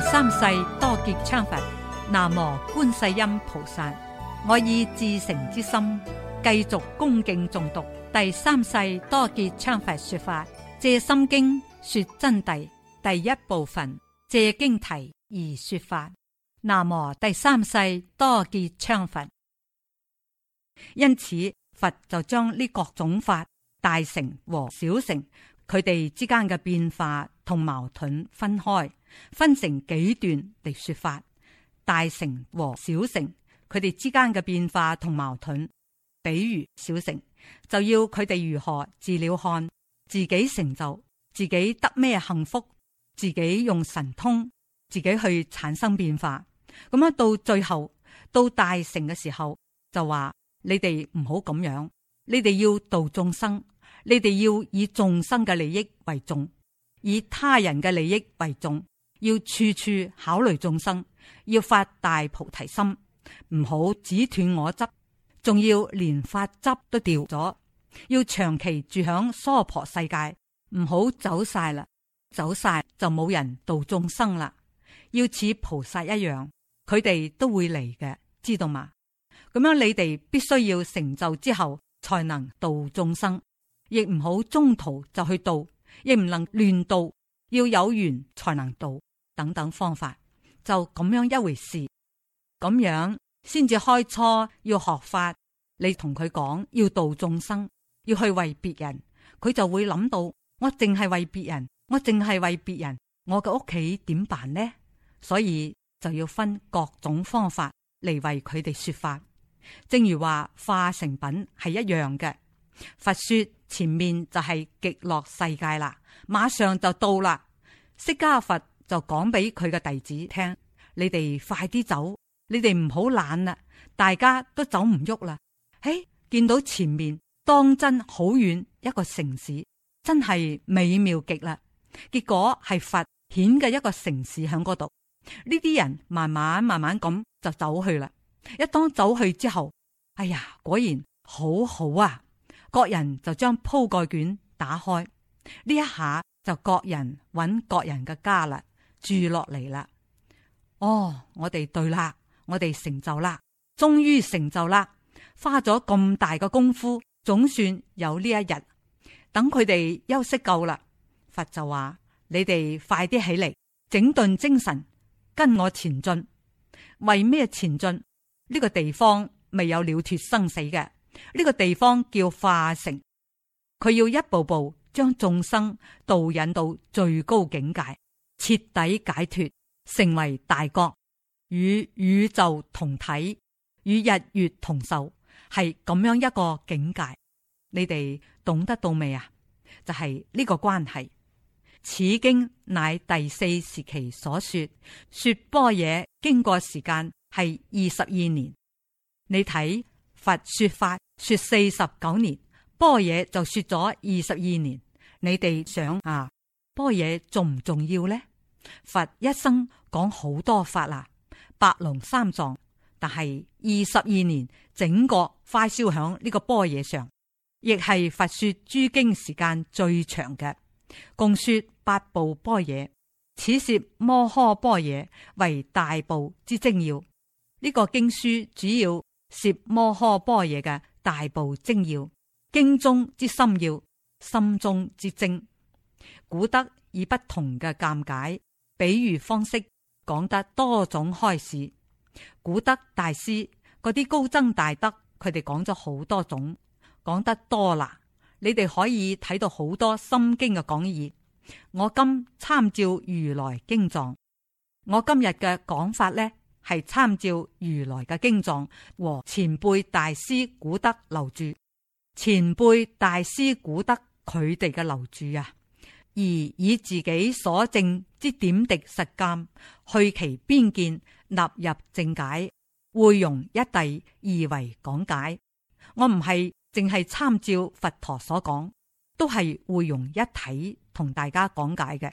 第三世多杰羌佛，南無觀世音菩薩，我以至誠之心繼續恭敬重讀第三世多杰羌佛說法《藉心經》說真諦第一部分《藉經題》而說法，南無第三世多杰羌佛。因此，佛就將呢各種法，大乘和小乘佢哋之間嘅變化。同矛盾分開，分成幾段的說法。大乘和小乘，佢哋之間嘅變化同矛盾，比如小乘就要佢哋如何自了漢自己成就，自己得咩幸福，自己用神通，自己去產生變化。咁樣到最後到大乘嘅時候，就話你哋唔好咁樣，你哋要度眾生，你哋要以眾生嘅利益為重。以他人嘅利益為重，要處處考慮眾生，要發大菩提心，唔好只斷我執，仲要連法執都掉咗，要長期住響娑婆世界，唔好走晒啦，走晒就冇人度眾生啦。要似菩薩一樣，佢哋都會嚟嘅，知道嗎？咁樣你哋必須要成就之後，才能度眾生，亦唔好中途就去度。亦唔能亂度，要有緣才能度，等等方法就咁樣一回事，咁樣先至開初要學法，你同佢講要度眾生，要去為別人，佢就會諗到我淨係為別人，我淨係為別人，我嘅屋企點辦呢？所以就要分各種方法嚟為佢哋說法，正如話化成品係一樣嘅。佛說前面就係極樂世界啦，馬上就到啦。釋迦佛就講俾佢嘅弟子聽：你哋快啲走，你哋唔好懶啦。大家都走唔喐啦。嘿、哎，見到前面當真好遠一個城市，真係美妙極啦。結果係佛顯嘅一個城市喺嗰度。呢啲人慢慢慢慢咁就走去啦。一當走去之後，哎呀，果然好好啊！各人就將鋪蓋捲打開，呢一下就各人搵各人嘅家啦，住落嚟啦。哦，我哋對啦，我哋成就啦，終於成就啦，花咗咁大嘅功夫，總算有呢一日。等佢哋休息夠啦，佛就話：你哋快啲起嚟，整頓精神，跟我前進。為咩前進？呢個地方未有了脫生死嘅。呢個地方叫化城，佢要一步步將眾生導引到最高境界，徹底解脫，成為大國，與宇宙同體，與日月同壽，係咁樣一個境界。你哋懂得到未啊？就係、是、呢個關係。此經乃第四時期所說，說般若經過時間係二十二年，你睇。佛說法說四十九年，般若就說咗二十二年。你哋想啊，般若重唔重要呢？佛一生講好多法啦，八龍三藏，但係二十二年整個快燒響呢個般若上，亦係佛說諸經時間最長嘅，共說八部般若，此是摩訶般若為大部之精要。呢個經書主要。《攝摩訶般若》嘅大部精要，經中之深要，心中之精。古德以不同嘅講解、比喻方式，講得多種開始。古德大師嗰啲高僧大德，佢哋講咗好多種，講得多啦。你哋可以睇到好多《心經》嘅講義。我今參照如來經藏，我今日嘅講法呢？係參照如來嘅經藏和前輩大師古德留住。前輩大師古德佢哋嘅留住啊，而以自己所證之點滴實鑒去其邊見，納入正解，匯融一地二為講解。我唔係淨係參照佛陀所講，都係匯融一體同大家講解嘅，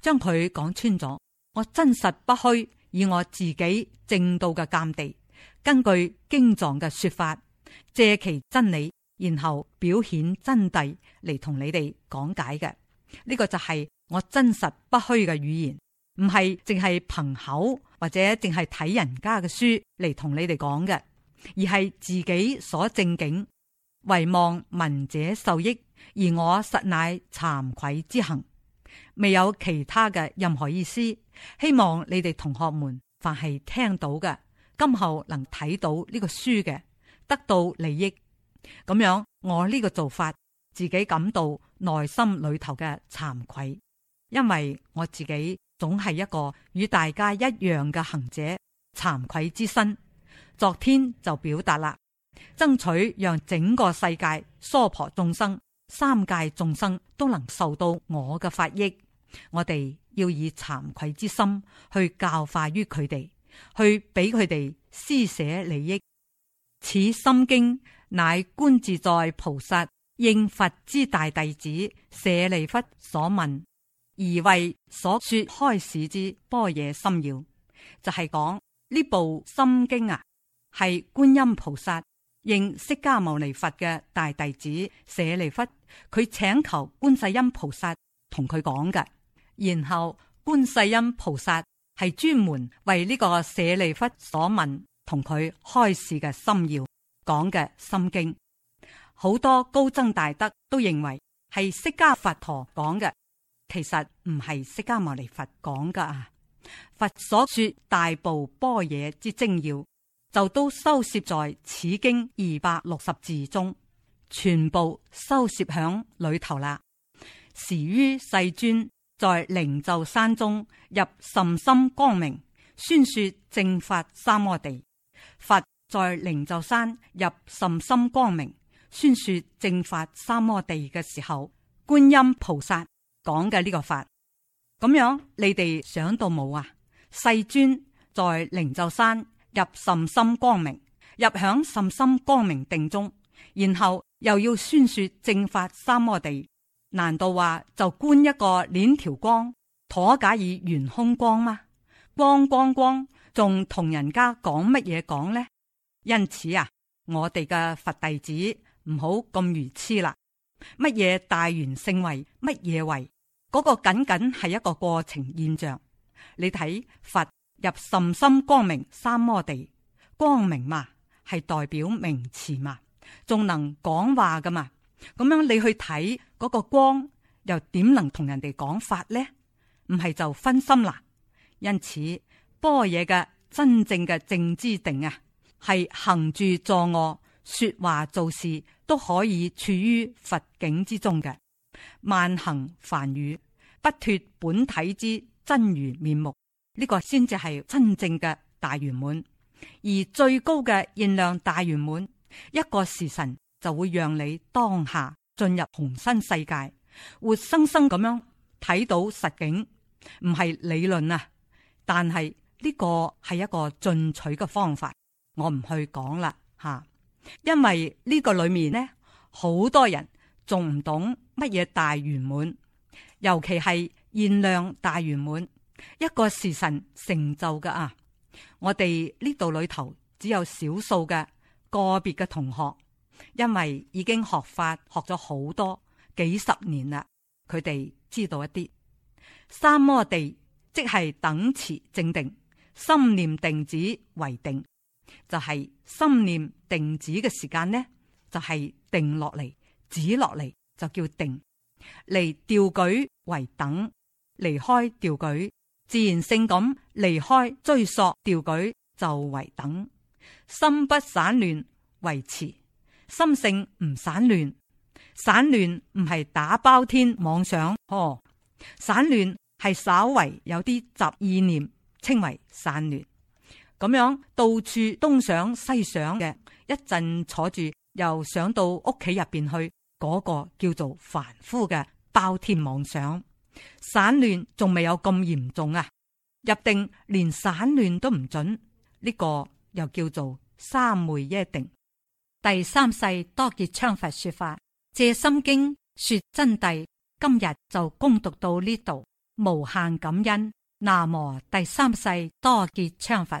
將佢講穿咗，我真實不虛。以我自己正道嘅鑒地，根據經藏嘅說法，借其真理，然後表顯真諦嚟同你哋講解嘅，呢個就係我真實不虛嘅語言，唔係淨係憑口或者淨係睇人家嘅書嚟同你哋講嘅，而係自己所正經，唯望聞者受益，而我實乃慚愧之行。未有其他嘅任何意思，希望你哋同學們凡係聽到嘅，今後能睇到呢個書嘅，得到利益。咁樣我呢個做法，自己感到內心裏頭嘅慚愧，因為我自己總係一個與大家一樣嘅行者，慚愧之身。昨天就表達啦，爭取讓整個世界娑婆眾生。三界眾生都能受到我嘅法益，我哋要以慚愧之心去教化於佢哋，去俾佢哋施捨利益。此心經乃觀自在菩薩應佛之大弟子舍利弗所問而為所說開示之般若心要，就係講呢部心經啊，係觀音菩薩，認釋迦牟尼佛嘅大弟子舍利弗，佢請求觀世音菩薩同佢講嘅，然後觀世音菩薩係專門為呢個舍利弗所問，同佢開示嘅心要，講嘅心經，好多高僧大德都認為係釋迦佛陀講嘅，其實唔係釋迦牟尼佛講噶，啊，佛所說大部般若之精要。就都收攝在此經二百六十字中，全部收攝響裏頭啦。時於世尊在靈鷲山中入甚深光明，宣說正法三摩地。佛在靈鷲山入甚深光明，宣說正法三摩地嘅時候，觀音菩薩講嘅呢個法，咁樣你哋想到冇啊？世尊在靈鷲山。.入甚深光明，入響甚深光明定中，然後又要宣說正法三摩地。難道話就觀一個鏈條光，妥假以圓空光嗎？光光光，仲同人家講乜嘢講呢？因此啊，我哋嘅佛弟子唔好咁愚痴啦。乜嘢大圓勝慧，乜嘢慧，嗰個僅僅係一個過程現象。你睇佛。入甚深光明三摩地，光明嘛係代表名詞嘛，仲能講話噶嘛？咁樣你去睇嗰個光，又點能同人哋講法呢？唔係就分心啦。因此，般若嘅真正嘅正知定啊，係行住坐臥說話做事都可以處於佛境之中嘅，萬行梵語不脫本體之真如面目。呢個先至係真正嘅大圓滿，而最高嘅現量大圓滿，一個時辰就會讓你當下進入虹身世界，活生生咁樣睇到實景，唔係理論啊。但係呢個係一個進取嘅方法，我唔去講啦吓，因為呢個裏面呢，好多人仲唔懂乜嘢大圓滿，尤其係現量大圓滿。一個時辰成就嘅啊！我哋呢度裏頭只有少數嘅個別嘅同學，因為已經學法學咗好多幾十年啦，佢哋知道一啲三摩地，即係等持正定，心念定止為定，就係、是、心念定止嘅時間呢，就係、是、定落嚟，止落嚟就叫定，離調舉為等，離開調舉。自然性咁離開追索調舉就為等。心不散亂維持心性唔散亂，散亂唔係打包天妄想嗬、哦、散亂係稍微有啲雜意念稱為散亂。咁樣到處東想西想嘅一陣坐住又想到屋企入邊去嗰、那個叫做凡夫嘅包天妄想。散亂仲未有咁嚴重啊！入定連散亂都唔准，呢個又叫做三昧耶定。第三世多杰羌佛說法，藉心經說真諦。今日就恭讀到呢度，無限感恩。南無第三世多杰羌佛。